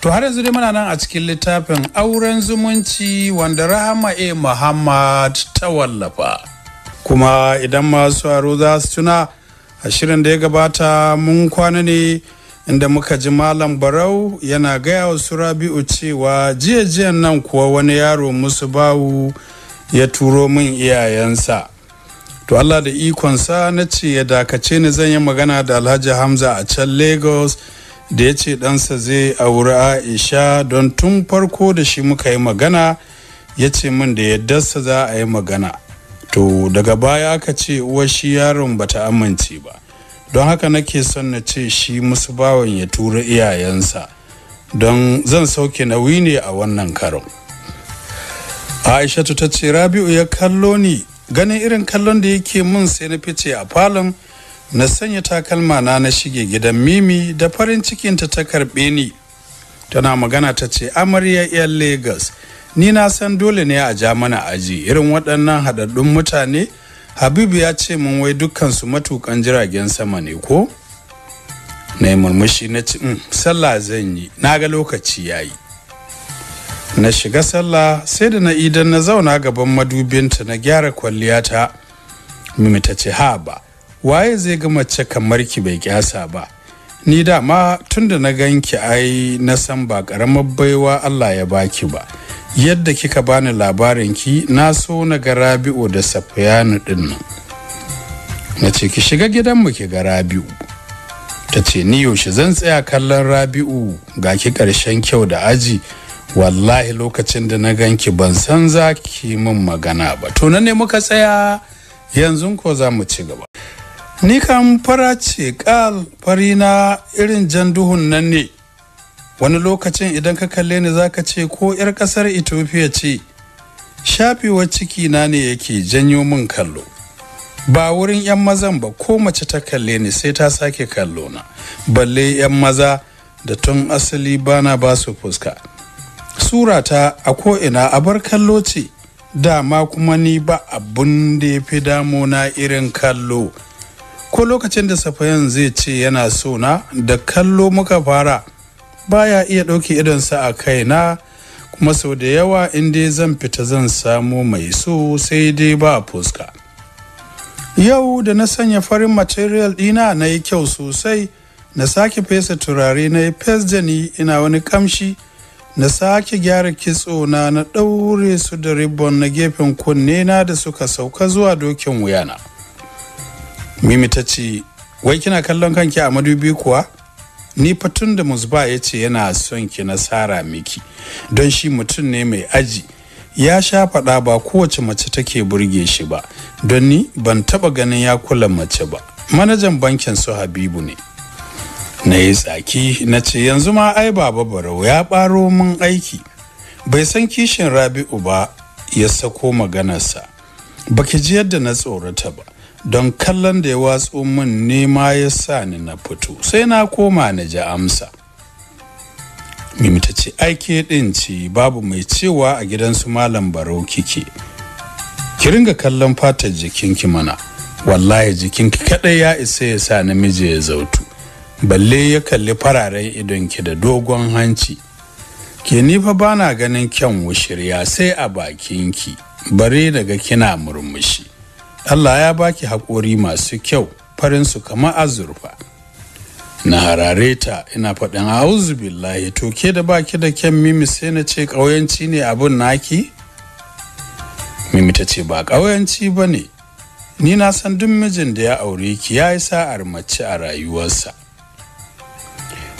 to har yanzu dai muna nan a cikin littafin auren zumunci wanda rahama e muhammad ta wallafa kuma idan masu aro za su tuna a shirin da ya gabata mun kwana ne inda muka ji malam barau yana gaya wa su rabi'u cewa jiya-jiyan nan kuwa wani yaro musu bawu ya turo min iyayensa to allah da ikonsa na ce ya dakace ni zan yi magana da alhaji hamza a can lagos da ya ce ɗansa zai auri aisha don tun farko da shi muka yi magana ya ce min da yaddarsa za a yi magana to daga baya aka ce uwar shi yaron ba ta amince ba don haka nake son na ce shi musu bawan ya tura iyayensa don zan sauke nauyi ne a wannan karon Aisha ta ce rabi'u ya kallo ni ganin irin kallon da yake min sai na fice a falon na sanya takalma na na shige gidan mimi da farin cikin ta ta karbe ni tana magana ta ce amarya 'yan lagos ni na san dole ne a ja mana aji irin waɗannan haɗaɗɗun mutane habibu ya ce min wai dukkansu matukan jiragen sama ne ko na yi murmushi na ci mm, sallah zan yi na ga lokaci ya yi na shiga sallah sai da na idan na zauna gaban madubinta na gyara kwalliyata mimi ta ce ha ba waye zai ga mace kamar ki bai kyasa ba ni dama tun da na ganki ai na san ba karamar baiwa Allah ya baki ba yadda kika bani labarin ki na so na ga Rabi'u da Safiyanu din nan na ce ki shiga gidan mu ki ga Rabi'u ta ce ni yaushe zan tsaya kallon Rabi'u ga ki karshen kyau da aji wallahi lokacin da na ganki ban san za ki min magana ba to na ne muka tsaya yanzu ko za mu ci gaba ni kam fara ce kal fari na irin jan duhun nan ne wani lokacin idan ka kalle ni ka ce ko 'yar ƙasar ethiopia ce shafewar ciki na ne yake janyo min kallo ba wurin 'yan mazan ba ko mace ta kalle ni sai ta sake kallo na balle 'yan maza da tun asali bana ba su fuska surata a ko'ina abar bar kallo ce dama kuma ni ba abun da ya fi na irin kallo ko lokacin da safayan zai ce yana so da kallo muka fara baya iya ɗauke idonsa a kaina kuma sau da yawa in dai zan fita zan samu mai so sai dai ba fuska yau da na sanya farin material ɗina na yi kyau sosai na sake fesa turare na yi fes ina wani kamshi na sake gyara kitso na na ɗaure su da ribbon na gefen kunne na da suka sauka zuwa dokin wuyana. mimi ta ce wai kina kallon kanki a madubi kuwa ni fatun da musba ya ce yana son ki nasara miki don shi mutum ne mai aji ya sha faɗa ba kowace mace take burge shi ba don ni ban taɓa ganin ya kula mace ba manajan bankin su habibu ne na yi tsaki na ce yanzu ma ai baba barau ya ɓaro min aiki bai san kishin rabi'u ba ya sako maganarsa baki ji yadda na tsorata ba don kallon da ya watsu min nema ya sa ni na fito sai na koma na ji amsa Mimita ce aike din ce babu mai cewa a gidan su malam barau kike ki ringa kallon fatar jikinki mana wallahi jikinki kadai ya isa ya sa namiji ya zautu balle ya kalli fararen idonki da dogon hanci ke nifa bana ganin kyan wushirya sai a bakinki bare daga kina murmushi Allah ya baki haƙori masu kyau farin su kama azurfa. Na harare ta ina faɗin auzu billahi to ke da baki da kyan mimi sai na ce ƙauyanci ne abin naki? Mimi ta ce ba ƙauyanci ba ne, ni na san duk mijin da ya aure ki ya yi sa'ar mace a rayuwarsa.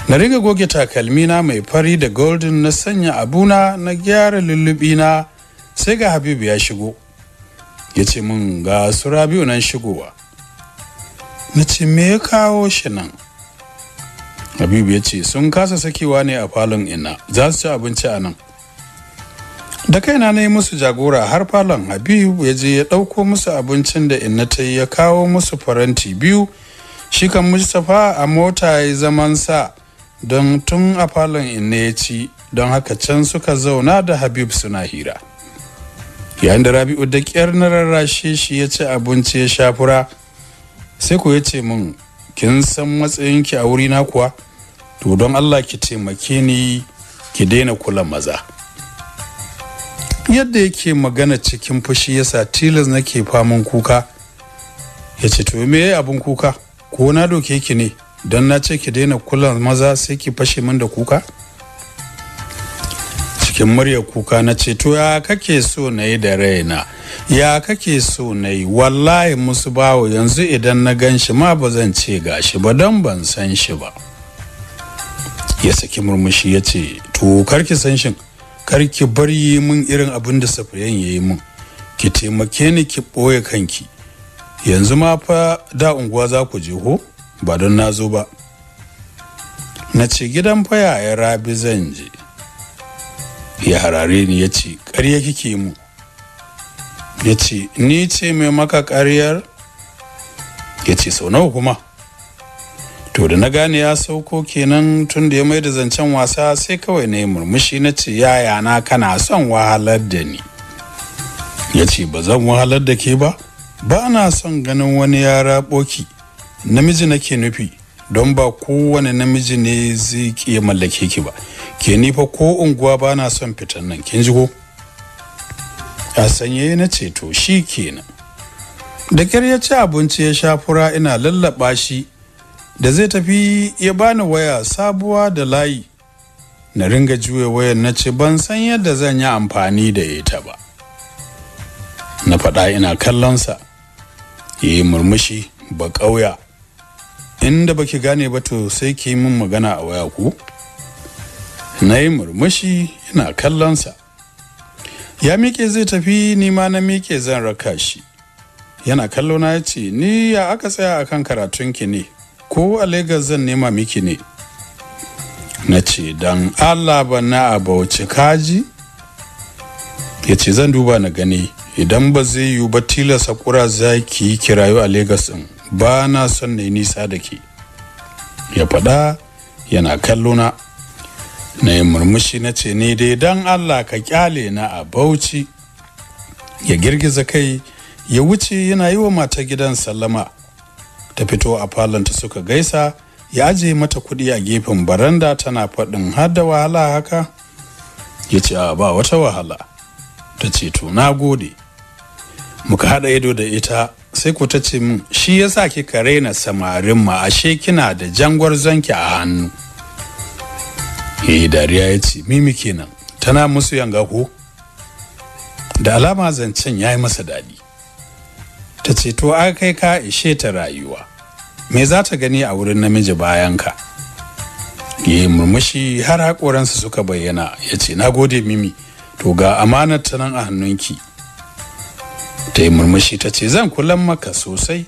na riga goge takalmina mai fari da golden na sanya abuna na gyara lullubi na sai ga habibu ya shigo ya ce min ga su rabiu nan shigowa na ce me ya kawo shi nan habibu ya ce sun kasa sakewa ne a falon ina za su ci abinci a nan da kaina na yi musu jagora har falon habibu ya je ya ɗauko musu abincin da inna ta ya kawo musu faranti biyu shi kan mustapha a mota ya zaman sa don tun a falon inna ya ci don haka can suka zauna da habib suna hira yayin da rabi'u da kyar na rarrashe shi ya ci abinci ya sha fura sai ku ya ce min kin san matsayinki a wuri na kuwa to don allah ki taimake ni ki daina kula maza yadda yake magana cikin fushi ya sa tilas nake faman kuka ya ce to me yayi abin kuka ko na doke ki ne don na ce ki daina kula maza sai ki fashe min da kuka cikin murya kuka na ce to ya kake so na yi da raina ya kake so na yi wallahi musu bawo yanzu idan na gan shi ma ba zan ce shi ba don ban san shi ba ya saki murmushi ya ce to karki san shi karki bar yi min irin abin da safiyan ya yi min ki taimake ni ki ɓoye kanki yanzu ma fa da unguwa za ku je ho ba don na zo ba na ce gidan fa ya rabi zan je ya harare ni ya ce ƙarya kike mu ya ce ni ce mai maka ƙaryar ya ce sau nawa kuma to da na gane ya sauko kenan tun da ya mai da zancen wasa sai kawai na yi murmushi na ce yaya na kana son wahalar da ni ya ce ba zan wahalar da ke ba ba na son ganin wani yara boki namiji nake nufi don ba kowane namiji ne zai ƙi mallake ki ba ke nifa ko unguwa ba na son fitan nan kin ji ko a sanye na ce to shi kenan da kyar ya ci abinci ya shafura ina lallaba shi da zai tafi ya bani waya sabuwa da layi na ringa juya wayar na ce ban san yadda zan yi amfani da ita ba na faɗa ina kallonsa ya yi murmushi ba ƙauya inda baki gane ba to sai ki yi min magana a waya ku na yi murmushi ina kallonsa ya miƙe zai tafi nima na miƙe zan raka shi yana kallona ya ce ni ya aka tsaya a kan karatunki ne ko a Legas zan nema miki ne na ce don allah ba na abauci kaji ya ce zan duba na gani idan ba zai yiwu ba tilasa kura za ki kirayu a Legas ɗin ba na son na yi nisa da ke ya faɗa yana kallona na yi murmushi na ce ni dai don allah ka kyale na a bauchi ya girgiza kai ya wuce yana yi wa mata gidan sallama ta fito a falonta suka gaisa ya aje mata kuɗi a gefen baranda tana faɗin har da wahala haka ya ce a ba wata wahala ta ce to na gode muka haɗa ido da ita sai ku ta ce min shi yasa kika raina samarin ma ashe kina da jangwar zanki a hannu E, dariya ya ce mimi kenan tana musu yanga ko da alama zancen ya yi masa daɗi ta ce to a kai ka ishe ta rayuwa me za ta gani a wurin namiji bayan ka ya murmushi har haƙoransa suka bayyana ya ce na gode mimi to ga amanar ta nan a hannunki ta yi murmushi ta ce zan kulan maka sosai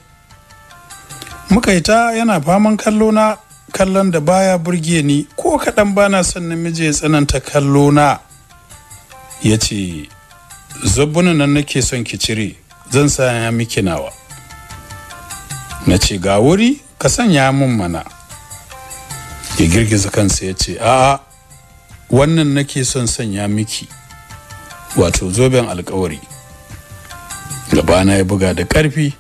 muka yi yana faman kallo na kallon da baya burge ni ko kaɗan bana son namiji ya tsananta kallo na ya ce zubbunan nan nake son ki cire zan sanya miki nawa na ce ga wuri ka sanya min mana ya girgiza kansa ya ce a'a wannan nake son sanya miki wato zoben alkawari gabana ya buga da ƙarfi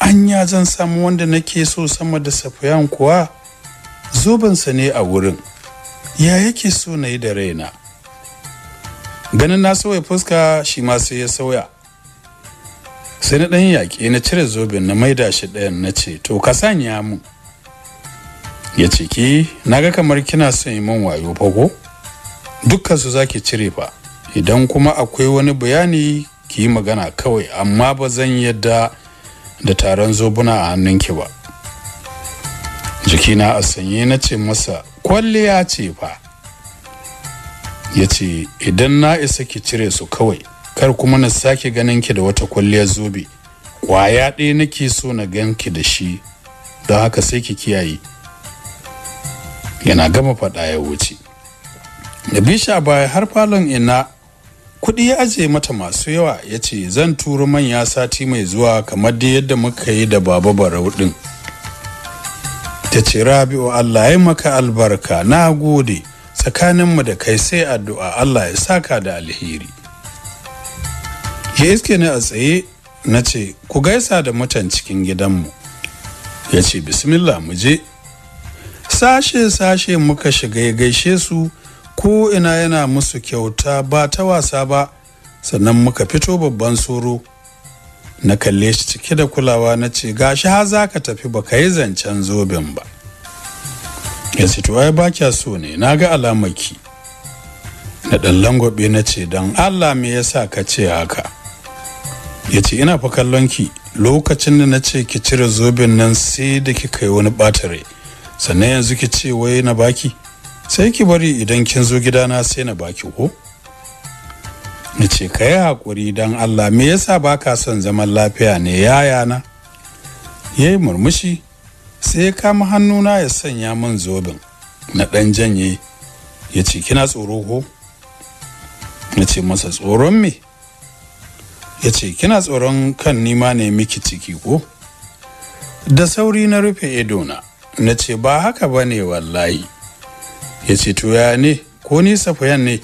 anya zan samu wanda nake so sama da safiyan kuwa zobensa ne a wurin ya yake so na yi da raina ganin na sauya fuska shi ma sai ya sauya sai na ɗan yaƙi na cire zoben na maida shi ɗayan na ce to ka sanya mun ya ce ki na ga kamar kina son yi min wayo fago dukkansu za ki cire fa idan kuma akwai wani bayani ki yi magana kawai amma ba zan yadda da taron zobuna a hannunki ba jikina a sanye na ce masa kwalliya ce fa ya ce idan na isa ki cire su kawai kar kuma na sake ganin ki da wata kwalliyar zobe kwaya ɗaya nake so na gan ki da shi don haka sai ki kiyaye yana gama faɗa ya wuce da bisha baya har falon ina kuɗi ya aje mata masu yawa ya ce zan turo manya sati mai zuwa kamar dai yadda muka yi da baba barau ɗin ta ce rabi'u allah ya maka albarka na gode tsakaninmu da kai sai addu'a allah ya saka da alheri ya iske ni a tsaye na ce ku gaisa da mutan cikin gidanmu ya ce bismillah mu je sashe-sashe muka shiga ya gaishe su ko ina yana musu kyauta ba ta wasa ba sannan muka fito babban soro na kalle shi cike da kulawa na ce gashi ha za ka tafi ba ka yi zancen zobin ba ya ce to ba kya so ne na ga alamaki na ɗan langwabe na ce don allah me yasa ka ce haka ya ce ina fa kallon ki lokacin da na ce ki cire zobin nan sai da ki kai wani batare sannan yanzu ki ce wai na baki sai ki bari idan kin zo gidana sai na baki ko na ce ka yi haƙuri don allah me yasa ba ka son zaman lafiya ne yayana ya yi murmushi sai ya kama hannuna ya sanya min zobin na ɗan janye ya ce kina tsoro ko na ce masa tsoron me ya ce kina tsoron kan nima ne miki ciki ko da sauri na rufe ido na ce ba haka ba ne wallahi ya ce to ya ne ko ni safiyan ne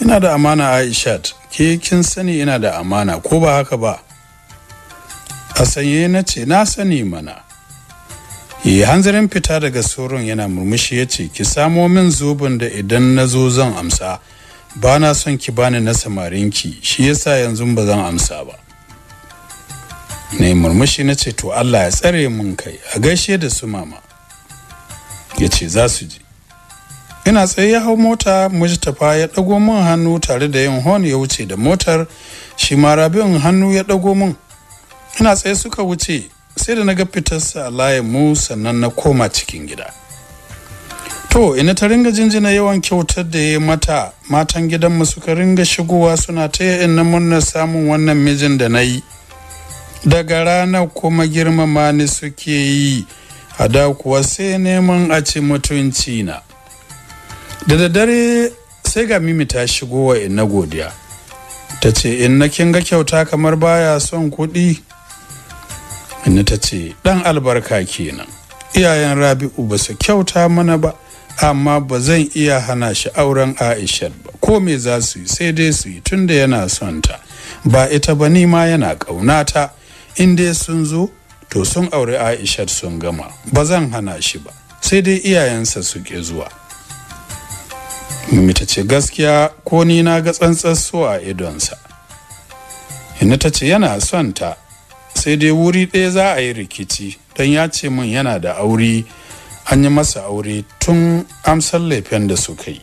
ina da amana aishat ke kin sani ina da amana ko ba haka ba a sanye na ce na sani mana yi hanzarin fita daga sauran yana murmushi ya ce ki samo min zubin da idan na zo zan amsa ba na son ki bani na samarin ki, shi yasa yanzu ba zan amsa ba na murmushi na ce to allah ya tsare mun kai a gaishe da su mama ya ce za su je ina tsaye ya hau mota mujtafa ya dago min hannu tare da yin hon ya wuce da motar shi ma rabin hannu ya ɗago min ina tsaye suka wuce sai da na ga fitarsa a layin mu sannan na koma cikin gida to ina ta ringa jinjina yawan kyautar da ya mata matan gidanmu suka ringa shigowa suna ta yi na murnar samun wannan mijin da na yi daga ranar kuma girmama ni suke yi a da kuwa sai neman a ci mutuncina. na da daddare sai ga mimi ta shigo wa inna godiya ta ce inna kin ga kyauta kamar baya son kuɗi ina ta ce ɗan albarka kenan iyayen rabi'u ba su kyauta mana ba amma ba zan iya hana shi auren aisha ba ko me za su yi sai dai su yi tun da yana son ta ba ita ba ni ma yana ƙaunata in dai sun zo to sun aure aisha sun gama ba zan hana shi ba sai dai iyayensa suke zuwa Mimi ce gaskiya ko ni na ga tsantsanso a idonsa. Ina ta ce yana son ta sai dai wuri ɗaya za a yi rikici don ya ce min yana da aure an yi masa aure tun amsar laifin da suka yi.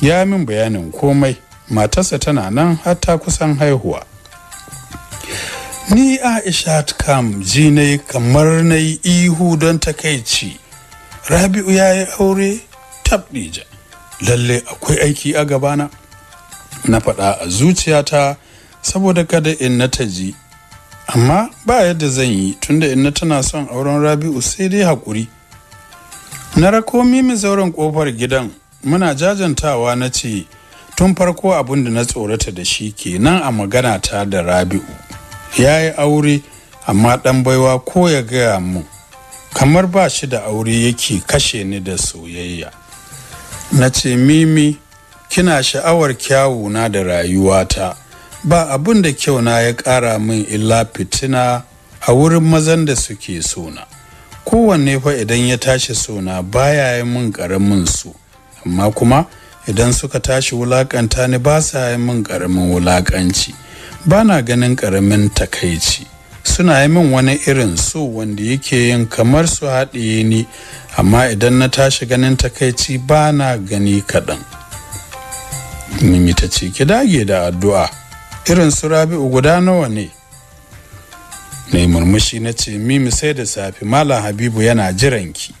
Ya min bayanin komai matarsa tana nan har ta kusan haihuwa. Ni Aisha kam ji na kamar na ihu don takaici. Rabi'u ya yi aure tabdija. lalle akwai aiki a gabana na faɗa a zuciyata saboda kada in na ji. amma ba yadda zan yi tunda in na tana son auren rabi'u sai dai haƙuri na rako mimi zauren ƙofar gidan muna jajantawa na ce tun farko abin da na tsorata da shi ke nan a magana ta da rabi'u ya yi aure amma ɗan baiwa ko ya gaya mu kamar ba shi da aure yake kashe ni da soyayya na ce mimi kina sha'awar kyawuna da rayuwata ba abin da kyau na ya ƙara min illa fitina a wurin mazan da suke sona kowanne fa idan ya tashi sona baya yi min ƙaramin su amma kuma idan suka tashi wulakanta ni ba sa yi min ƙaramin wulakanci ba na ganin ƙaramin takaici suna yi min wani irin so wanda yake yin kamar su haɗiye ni amma idan na tashi ganin takaici ba na gani kaɗan mimi ta ce ki dage da addu'a irin su rabi'u guda nawa ne na yi murmushi na ce mimi sai da safi malam habibu yana jiranki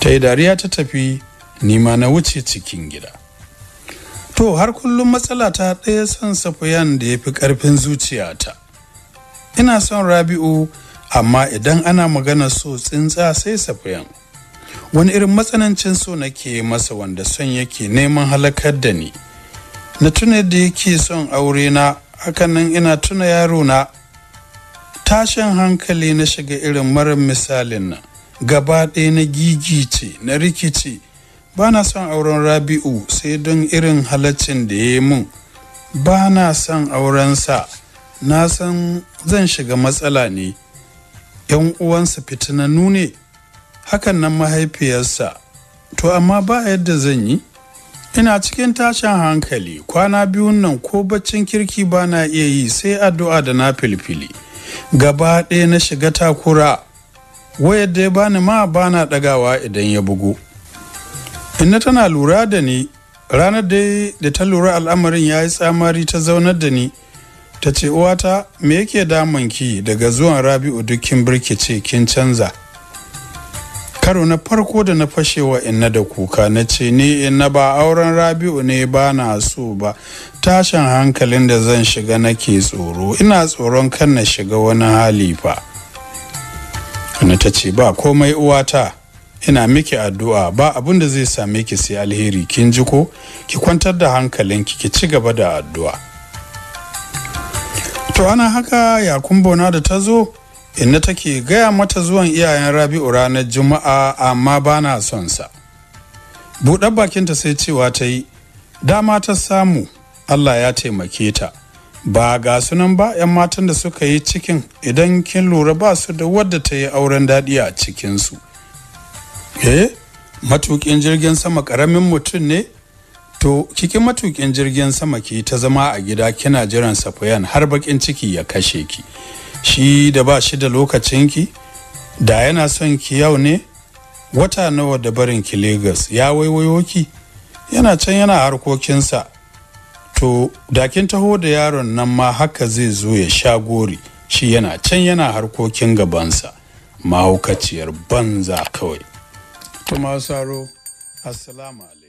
ta yi dariya ta tafi nima na wuce cikin gida to har kullum matsala ta ɗaya son safiyan da ya fi ƙarfin zuciyata ina son rabi'u amma idan ana magana so tsintsa sai safiyan wani irin matsanancin so nake masa wanda son yake neman halakar da ni na tuna da yake son aure na hakan nan ina tuna yaro na tashin hankali na shiga irin marar misalin nan gaba ɗaya na gigice na rikici ba na son auren rabi'u sai don irin halaccin da ya yi mun ba na son aurensa na san zan shiga matsala ne yan uwansa fitinannu ne hakan nan mahaifiyarsa to amma ba yadda zan yi ina cikin tashin hankali kwana biyun nan ko baccin kirki ba na iya yi sai addu'a da na filfili gaba ɗaya na shiga takura wayar da ya bani ma bana na ɗagawa idan ya bugu inna tana lura da ni ranar da ta lura al'amarin ya yi tsamari ta zaunar da ni ta ce uwata me yake ki daga zuwan rabi'u dukkin ce kin canza karo na farko da na fashewa inna da kuka na ce ni inna ba auren rabi'u ne ba na so ba tashin hankalin da zan shiga nake tsoro ina tsoron kan na shiga wani hali fa na ta ce ba komai uwata ina miki addu'a ba abin da zai same ki sai alheri kin ji ko ki kwantar da hankalinki ki ci gaba da addu'a to ana haka na da ta zo inna take gaya mata zuwan iyayen rabi'u ranar juma'a amma ba na son sa buɗar bakinta sai cewa ta yi dama ta samu allah ya taimake ta ba ga sunan ba 'yan matan da suka yi cikin idan kin lura ba su da wadda ta yi auren daɗi a cikinsu eh matukin jirgin sama ƙaramin mutum ne To cikin matukin jirgin sama ki ta zama a gida kina jiran safiyan har bakin ciki ya kashe ki. Shi da ba shi da lokacinki da yana son ki yau ne wata nawa da barin ki Lagos ya waiwayo ki yana can yana harkokinsa. To da kin taho da yaron nan ma haka zai zo ya sha gori shi yana can yana harkokin gabansa mahaukaciyar banza kawai. Tumasaro, Assalamu alaikum.